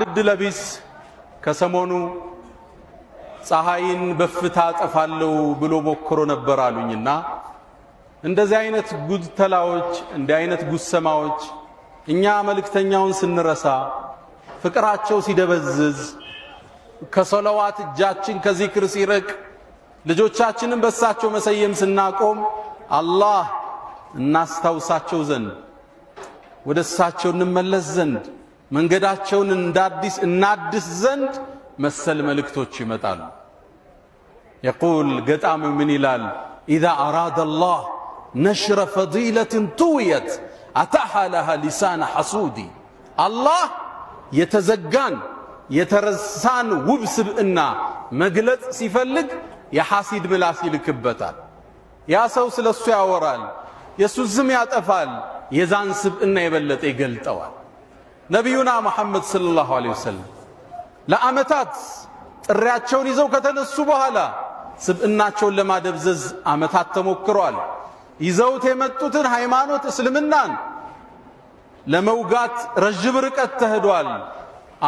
ግድ ለቢስ ከሰሞኑ ፀሐይን በፍታ አጠፋለሁ ብሎ ሞክሮ ነበር አሉኝና እንደዚህ አይነት ጉድተላዎች እንዲህ አይነት ጉሰማዎች እኛ መልእክተኛውን ስንረሳ ፍቅራቸው ሲደበዝዝ ከሰለዋት እጃችን ከዚክር ሲርቅ ልጆቻችንን በሳቸው መሰየም ስናቆም አላህ እናስታውሳቸው ዘንድ ወደ እሳቸው እንመለስ ዘንድ መንገዳቸውን እንዳዲስ እናድስ ዘንድ መሰል መልእክቶች ይመጣሉ። የቁል ገጣሚ ምን ይላል? ኢዛ አራደ አላህ ነሽረ ፈዲለትን ትውየት አታሓ ለሃ ሊሳነ ሐሱዲ። አላህ የተዘጋን የተረሳን ውብ ስብዕና መግለጽ ሲፈልግ የሐሲድ ምላስ ይልክበታል። ያ ሰው ስለ እሱ ያወራል፣ የእሱ ዝም ያጠፋል፣ የዛን ስብዕና የበለጠ ይገልጠዋል። ነቢዩና መሐመድ ሰለላሁ ዐለይሂ ወሰለም ለዓመታት ጥሪያቸውን ይዘው ከተነሱ በኋላ ስብዕናቸውን ለማደብዘዝ ዓመታት ተሞክሯል። ይዘውት የመጡትን ሃይማኖት እስልምናን ለመውጋት ረዥም ርቀት ተሄዷል።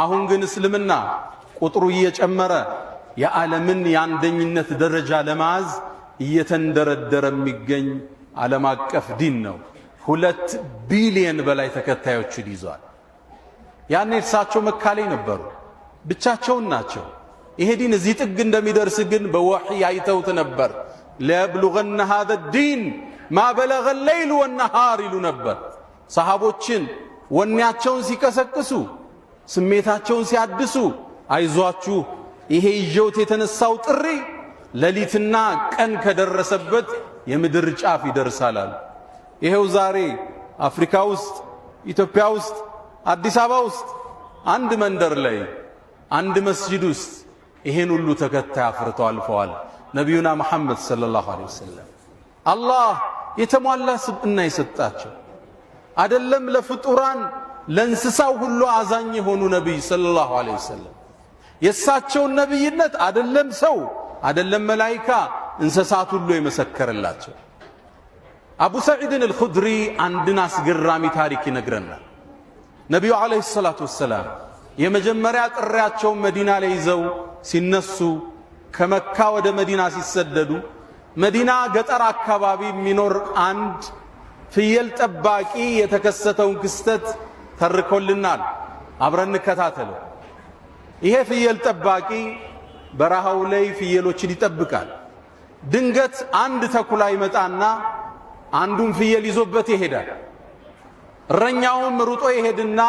አሁን ግን እስልምና ቁጥሩ እየጨመረ የዓለምን የአንደኝነት ደረጃ ለመያዝ እየተንደረደረ የሚገኝ ዓለም አቀፍ ዲን ነው። ሁለት ቢሊየን በላይ ተከታዮችን ይዟል። ያኔ እርሳቸው መካ ላይ ነበሩ፣ ብቻቸውን ናቸው። ይሄ ዲን እዚህ ጥግ እንደሚደርስ ግን በወሕይ አይተውት ነበር። ለየብሉገነ ሃዘ ዲን ማ በለገ ሌይሉ ወነሃር ይሉ ነበር። ሰሃቦችን ወኔያቸውን ሲቀሰቅሱ፣ ስሜታቸውን ሲያድሱ፣ አይዟችሁ ይሄ ይዤውት የተነሳው ጥሪ ሌሊትና ቀን ከደረሰበት የምድር ጫፍ ይደርሳል ይሄው ዛሬ አፍሪካ ውስጥ ኢትዮጵያ ውስጥ አዲስ አበባ ውስጥ አንድ መንደር ላይ አንድ መስጂድ ውስጥ ይሄን ሁሉ ተከታይ አፍርተው አልፈዋል። ነቢዩና መሐመድ ሰለላሁ ዐለይሂ ወሰለም አላህ የተሟላ ስብዕና የሰጣቸው አደለም ለፍጡራን ለእንስሳው ሁሉ አዛኝ የሆኑ ነቢይ ሰለላሁ ዐለይሂ ወሰለም የእሳቸውን ነቢይነት አደለም ሰው አደለም መላይካ እንስሳት ሁሉ የመሰከረላቸው። አቡ ሰዒድን አልኹድሪ አንድን አስገራሚ ታሪክ ይነግረናል። ነቢዩ ዓለይሂ ሰላቱ ወሰላም የመጀመሪያ ጥሪያቸውን መዲና ላይ ይዘው ሲነሱ ከመካ ወደ መዲና ሲሰደዱ መዲና ገጠር አካባቢ የሚኖር አንድ ፍየል ጠባቂ የተከሰተውን ክስተት ተርኮልናል። አብረን እንከታተለው። ይሄ ፍየል ጠባቂ በረሃው ላይ ፍየሎችን ይጠብቃል። ድንገት አንድ ተኩላ ይመጣና አንዱን ፍየል ይዞበት ይሄዳል። እረኛውም ሩጦ ይሄድና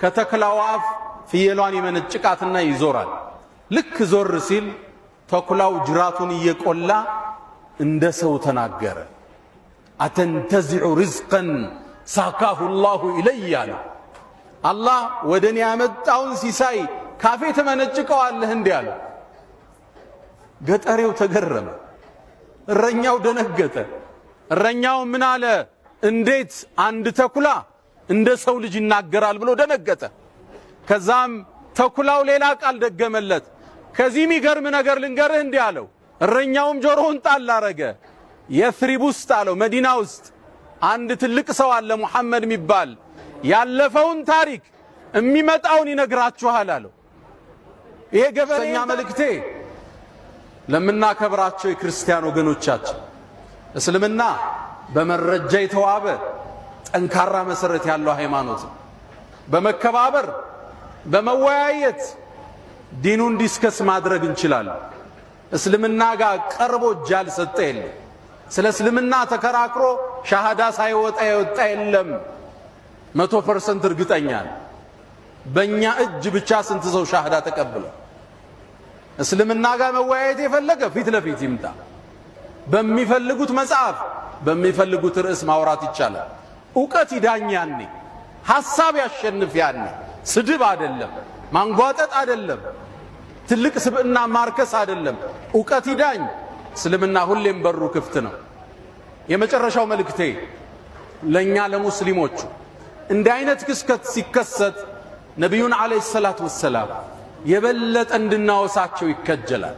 ከተኩላው አፍ ፍየሏን ይመነጭቃትና ይዞራል። ልክ ዞር ሲል ተኩላው ጅራቱን እየቆላ እንደ ሰው ተናገረ። አተንተዚዑ ርዝቀን ሳካሁ ላሁ ኢለይ አለ። አላህ ወደ እኔ ያመጣውን ሲሳይ ካፌ ተመነጭቀዋለህ እንዲህ አለ። ገጠሬው ተገረመ፣ እረኛው ደነገጠ። እረኛው ምን አለ? እንዴት አንድ ተኩላ እንደ ሰው ልጅ ይናገራል ብሎ ደነገጠ። ከዛም ተኩላው ሌላ ቃል ደገመለት። ከዚህ የሚገርም ነገር ልንገርህ እንዲህ አለው። እረኛውም ጆሮውን ጣል አረገ። የትሪብ ውስጥ አለው መዲና ውስጥ አንድ ትልቅ ሰው አለ ሙሐመድ የሚባል ያለፈውን ታሪክ የሚመጣውን ይነግራችኋል አለው። ይሄ ገበሬኛ መልእክቴ ለምናከብራቸው የክርስቲያን ወገኖቻችን እስልምና በመረጃ የተዋበ ጠንካራ መሰረት ያለው ሃይማኖት በመከባበር በመወያየት ዲኑን ዲስከስ ማድረግ እንችላለን። እስልምና ጋር ቀርቦ እጅ አልሰጠ የለም። ስለ እስልምና ተከራክሮ ሻሃዳ ሳይወጣ የወጣ የለም። መቶ ፐርሰንት እርግጠኛ ነው። በእኛ እጅ ብቻ ስንት ሰው ሻሃዳ ተቀብለ። እስልምና ጋር መወያየት የፈለገ ፊት ለፊት ይምጣ። በሚፈልጉት መጽሐፍ በሚፈልጉት ርዕስ ማውራት ይቻላል። እውቀት ይዳኝ ያኔ፣ ሐሳብ ያሸንፍ ያኔ። ስድብ አይደለም፣ ማንጓጠጥ አይደለም፣ ትልቅ ስብዕና ማርከስ አይደለም። እውቀት ይዳኝ። እስልምና ሁሌም በሩ ክፍት ነው። የመጨረሻው መልእክቴ ለእኛ ለሙስሊሞቹ እንዲህ አይነት ክስከት ሲከሰት ነቢዩን ዓለይሂ ሰላት ወሰላም የበለጠ እንድናወሳቸው ይከጀላል።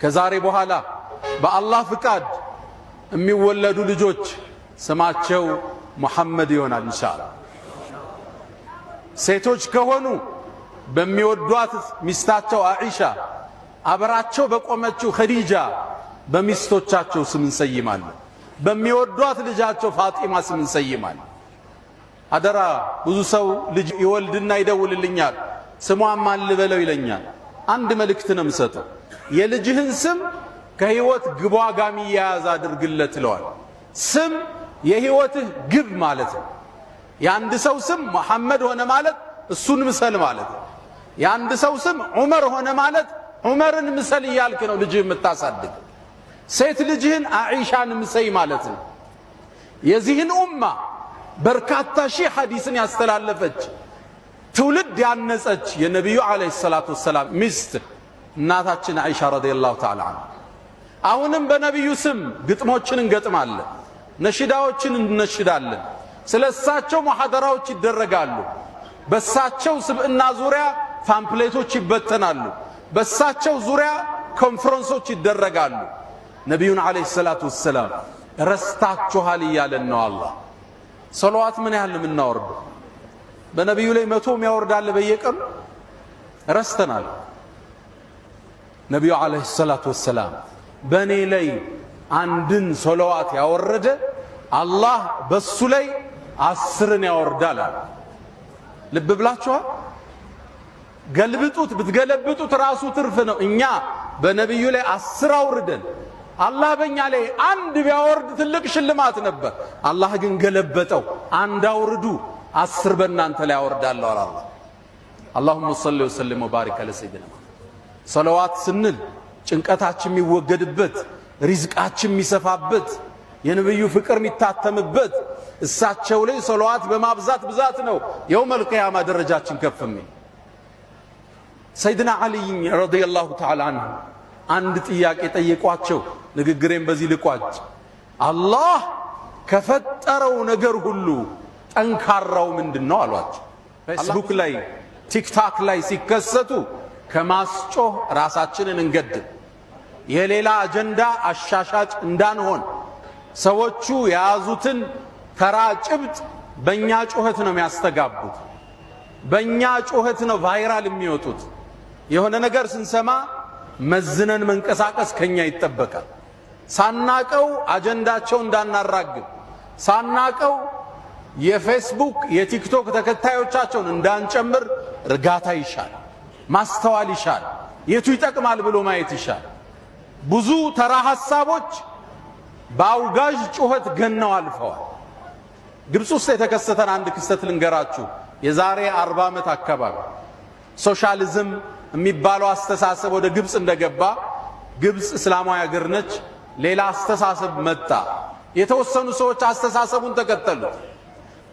ከዛሬ በኋላ በአላህ ፍቃድ የሚወለዱ ልጆች ስማቸው ሙሐመድ ይሆናል እንሻላ። ሴቶች ከሆኑ በሚወዷት ሚስታቸው አኢሻ አብራቸው በቆመችው ኸዲጃ በሚስቶቻቸው ስም እንሰይማለን። በሚወዷት ልጃቸው ፋጢማ ስም እንሰይማለን። አደራ ብዙ ሰው ልጅ ይወልድና ይደውልልኛል። ስሟን ማን ልበለው ይለኛል። አንድ መልእክት ነው የምሰጠው፣ የልጅህን ስም ከህይወት ግቧጋሚ የያዝ አድርግለት ይለዋል ስም የህይወትህ ግብ ማለት ነው። የአንድ ሰው ስም መሐመድ ሆነ ማለት እሱን ምሰል ማለት ነው። የአንድ ሰው ስም ዑመር ሆነ ማለት ዑመርን ምሰል እያልክ ነው ልጅህ የምታሳድግ። ሴት ልጅህን አኢሻን ምሰይ ማለት ነው። የዚህን ኡማ በርካታ ሺህ ሐዲስን ያስተላለፈች ትውልድ ያነጸች የነቢዩ ዓለይሂ ሰላቱ ወሰላም ሚስት እናታችን አኢሻ ረዲየላሁ ተዓላ አሁንም በነቢዩ ስም ግጥሞችን እንገጥማለን። ነሽዳዎችን እንነሽዳለን። ስለ እሳቸው መሐደራዎች ይደረጋሉ። በእሳቸው ስብዕና ዙሪያ ፓምፕሌቶች ይበተናሉ። በእሳቸው ዙሪያ ኮንፈረንሶች ይደረጋሉ። ነቢዩን ዓለይሂ ሰላቱ ወሰላም እረስታችኋል እያለን ነው አላህ። ሰለዋት ምን ያህል የምናወርዱ በነቢዩ ላይ መቶም ያወርዳለ በየቀኑ እረስተናል ነቢዩ ዓለይሂ ሰላቱ ወሰላም በእኔ ላይ አንድን ሶለዋት ያወረደ አላህ በሱ ላይ አስርን ያወርዳል አለ። ልብ ብላችኋል። ገልብጡት፣ ብትገለብጡት ራሱ ትርፍ ነው። እኛ በነቢዩ ላይ አስር አውርደን አላህ በእኛ ላይ አንድ ቢያወርድ ትልቅ ሽልማት ነበር። አላህ ግን ገለበጠው። አንድ አውርዱ፣ አስር በእናንተ ላይ አወርዳለሁ አለ አላህ። አላሁመ ሰሊ ወሰሊም ወባሪክ አለ ሰይድና ሰለዋት ስንል ጭንቀታችን የሚወገድበት ሪዝቃችን የሚሰፋበት የነብዩ ፍቅር የሚታተምበት እሳቸው ላይ ሰለዋት በማብዛት ብዛት ነው የውመል ቂያማ ደረጃችን ከፍ የሚል። ሰይድና ዓልይ ረዲየላሁ ተዓላ አንሁ አንድ ጥያቄ ጠየቋቸው። ንግግሬን በዚህ ልቋጭ። አላህ ከፈጠረው ነገር ሁሉ ጠንካራው ምንድን ነው አሏቸው። ፌስቡክ ላይ ቲክታክ ላይ ሲከሰቱ ከማስጮህ ራሳችንን እንገድል። የሌላ አጀንዳ አሻሻጭ እንዳንሆን ሰዎቹ የያዙትን ተራ ጭብጥ በእኛ ጩኸት ነው የሚያስተጋቡት። በእኛ ጩኸት ነው ቫይራል የሚወጡት። የሆነ ነገር ስንሰማ መዝነን መንቀሳቀስ ከኛ ይጠበቃል። ሳናቀው አጀንዳቸው እንዳናራግብ፣ ሳናቀው የፌስቡክ የቲክቶክ ተከታዮቻቸውን እንዳንጨምር እርጋታ ይሻል፣ ማስተዋል ይሻል፣ የቱ ይጠቅማል ብሎ ማየት ይሻል። ብዙ ተራ ሐሳቦች በአውጋዥ ጩኸት ገነው አልፈዋል። ግብፅ ውስጥ የተከሰተን አንድ ክስተት ልንገራችሁ። የዛሬ አርባ ዓመት አካባቢ ሶሻሊዝም የሚባለው አስተሳሰብ ወደ ግብፅ እንደገባ ግብፅ እስላማዊ ሀገር ነች። ሌላ አስተሳሰብ መጣ። የተወሰኑ ሰዎች አስተሳሰቡን ተከተሉት።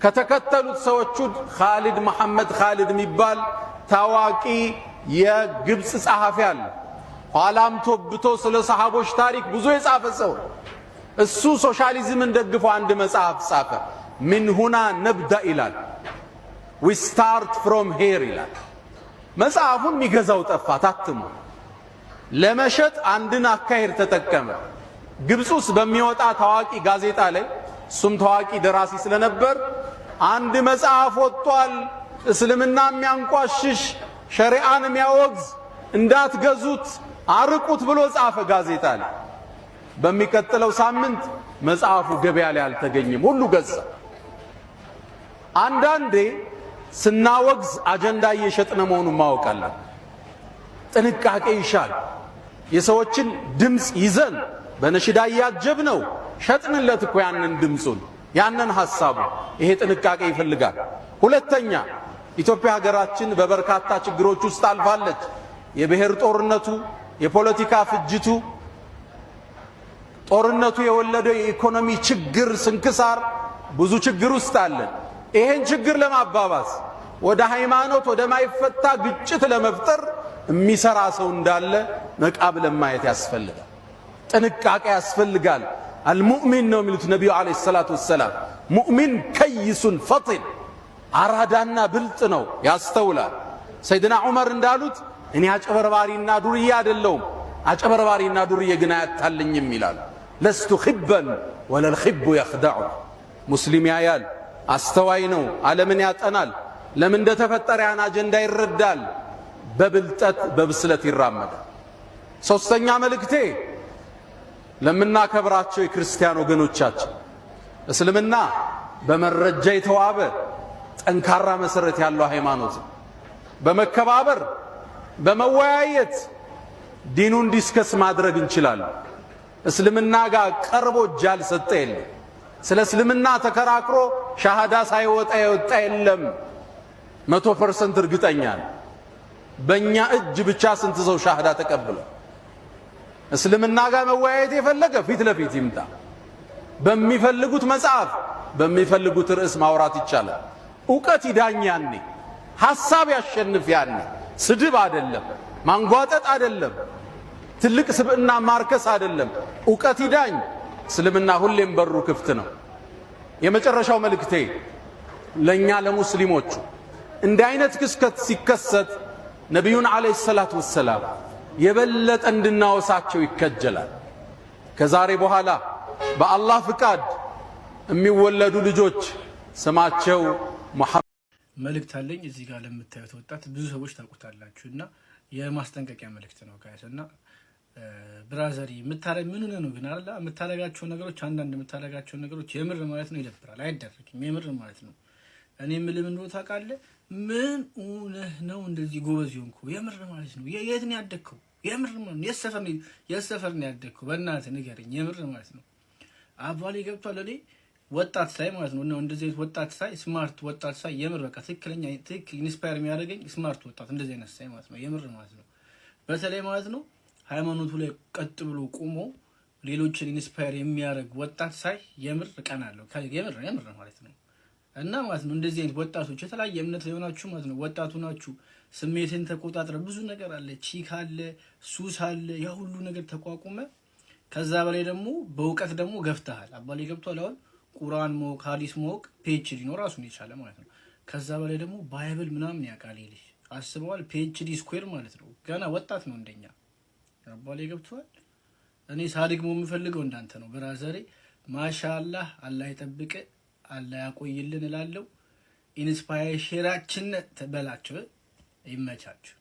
ከተከተሉት ሰዎቹ ኻሊድ መሐመድ ኻሊድ የሚባል ታዋቂ የግብፅ ጸሐፊ አለ። ኋላም ቶብቶ ስለ ሰሃቦች ታሪክ ብዙ የጻፈ ሰው እሱ ሶሻሊዝምን ደግፎ አንድ መጽሐፍ ጻፈ። ምን ሁና ነብዳ ይላል ዊ ስታርት ፍሮም ሄር ይላል። መጽሐፉን የሚገዛው ጠፋ፣ ታትሞ ለመሸጥ አንድን አካሄድ ተጠቀመ። ግብፅ ውስጥ በሚወጣ ታዋቂ ጋዜጣ ላይ እሱም ታዋቂ ደራሲ ስለነበር አንድ መጽሐፍ ወጥቷል፣ እስልምና የሚያንቋሽሽ ሸሪዓን የሚያወግዝ እንዳትገዙት አርቁት ብሎ ጻፈ ጋዜጣ ላይ። በሚቀጥለው ሳምንት መጽሐፉ ገበያ ላይ አልተገኘም፣ ሁሉ ገዛ። አንዳንዴ ስናወግዝ አጀንዳ እየሸጥነ መሆኑን ማወቃለን። ጥንቃቄ ይሻል። የሰዎችን ድምፅ ይዘን በነሽዳ እያጀብ ነው ሸጥንለት እኮ ያንን ድምፁን ያንን ሐሳቡ። ይሄ ጥንቃቄ ይፈልጋል። ሁለተኛ ኢትዮጵያ ሀገራችን በበርካታ ችግሮች ውስጥ አልፋለች። የብሔር ጦርነቱ የፖለቲካ ፍጅቱ፣ ጦርነቱ የወለደው የኢኮኖሚ ችግር ስንክሳር፣ ብዙ ችግር ውስጥ አለን። ይሄን ችግር ለማባባስ ወደ ሃይማኖት ወደማይፈታ ግጭት ለመፍጠር የሚሰራ ሰው እንዳለ መቃብለን ማየት ያስፈልጋል። ጥንቃቄ ያስፈልጋል። አልሙእሚን ነው የሚሉት ነቢዩ ዓለይሂ ሰላቱ ወሰላም። ሙእሚን ከይሱን ፈጢን፣ አራዳና ብልጥ ነው፣ ያስተውላል። ሰይድና ዑመር እንዳሉት እኔ አጭበርባሪና ዱርዬ አይደለሁም፣ አጨበርባሪና ዱርዬ ግን አያታልኝም ይላል። ለስቱ ኺበን ወለል ኺቡ የኽደዑ ሙስሊም ያያል፣ አስተዋይ ነው፣ ዓለምን ያጠናል፣ ለምን እንደተፈጠረ ያን አጀንዳ ይረዳል፣ በብልጠት በብስለት ይራመዳል። ሦስተኛ መልእክቴ ለምናከብራቸው የክርስቲያን ወገኖቻችን እስልምና በመረጃ የተዋበ ጠንካራ መሠረት ያለው ሃይማኖት በመከባበር በመወያየት ዲኑን ዲስከስ ማድረግ እንችላለን። እስልምና ጋር ቀርቦ እጅ አልሰጠ የለም። ስለ እስልምና ተከራክሮ ሻሃዳ ሳይወጣ የወጣ የለም። መቶ ፐርሰንት እርግጠኛ ነው። በእኛ እጅ ብቻ ስንት ሰው ሻሃዳ ተቀብሎ እስልምና ጋር መወያየት የፈለገ ፊት ለፊት ይምጣ። በሚፈልጉት መጽሐፍ በሚፈልጉት ርዕስ ማውራት ይቻላል። እውቀት ይዳኝ ያኔ፣ ሐሳብ ያሸንፍ ያኔ። ስድብ አይደለም፣ ማንጓጠጥ አይደለም፣ ትልቅ ስብዕና ማርከስ አይደለም። እውቀት ይዳኝ። እስልምና ሁሌም በሩ ክፍት ነው። የመጨረሻው መልእክቴ ለእኛ ለሙስሊሞቹ እንዲህ አይነት ክስከት ሲከሰት ነቢዩን ዓለይሂ ሰላት ወሰላም የበለጠ እንድናወሳቸው ይከጀላል። ከዛሬ በኋላ በአላህ ፍቃድ የሚወለዱ ልጆች ስማቸው ሙሐመድ መልእክት አለኝ እዚህ ጋር ለምታዩት ወጣት ብዙ ሰዎች ታውቁታላችሁ እና የማስጠንቀቂያ መልእክት ነው ጋይስ። እና ብራዘሪ የምታረግ ምን ሆነ ነው ግን አለ የምታረጋቸው ነገሮች አንዳንድ የምታረጋቸው ነገሮች የምር ማለት ነው ይደብራል። አይደረግም የምር ማለት ነው። እኔ የምልህ ምን ታውቃለህ? ምን ሆነህ ነው እንደዚህ ጎበዝ ሆንኩ የምር ማለት ነው። የት ነው ያደግከው? የምር ማለት ነው። የሰፈር ነው ያደግከው? በእናትህ ንገረኝ። የምር ማለት ነው። አባሌ ገብቷል እኔ ወጣት ሳይ ማለት ነው። እንደዚህ አይነት ወጣት ሳይ ስማርት ወጣት ሳይ የምር በቃ ትክክለኛ ትክክል ኢንስፓየር የሚያደርገኝ ስማርት ወጣት እንደዚህ አይነት ሳይ ማለት ነው። የምር ማለት ነው። በተለይ ማለት ነው ሃይማኖቱ ላይ ቀጥ ብሎ ቆሞ ሌሎችን ኢንስፓየር የሚያደርግ ወጣት ሳይ የምር እቀናለሁ። የምር የምር ማለት ነው። እና ማለት ነው እንደዚህ አይነት ወጣቶች የተለያየ እምነት ሊሆናችሁ ማለት ነው ወጣቱ ናችሁ ስሜትን ተቆጣጥረ ብዙ ነገር አለ፣ ቺክ አለ፣ ሱስ አለ፣ ያ ሁሉ ነገር ተቋቁመ ከዛ በላይ ደግሞ በእውቀት ደግሞ ገፍተሃል። አባሌ ገብቷል አሁን ቁርአን መወቅ ሀዲስ መወቅ ፒኤችዲ ነው ራሱን የቻለ ማለት ነው። ከዛ በላይ ደግሞ ባይብል ምናምን ያውቃል ልጅ አስበዋል። ፒኤችዲ ስኩዌር ማለት ነው። ገና ወጣት ነው እንደኛ አባሌ ገብቷል። እኔ ነው የምፈልገው እንዳንተ ነው ብራዘሬ። ማሻአላህ አላህ ይጠብቅ፣ አላህ ያቆይልን እላለሁ። ኢንስፓይሬሽናችን በላችሁ ይመቻችሁ።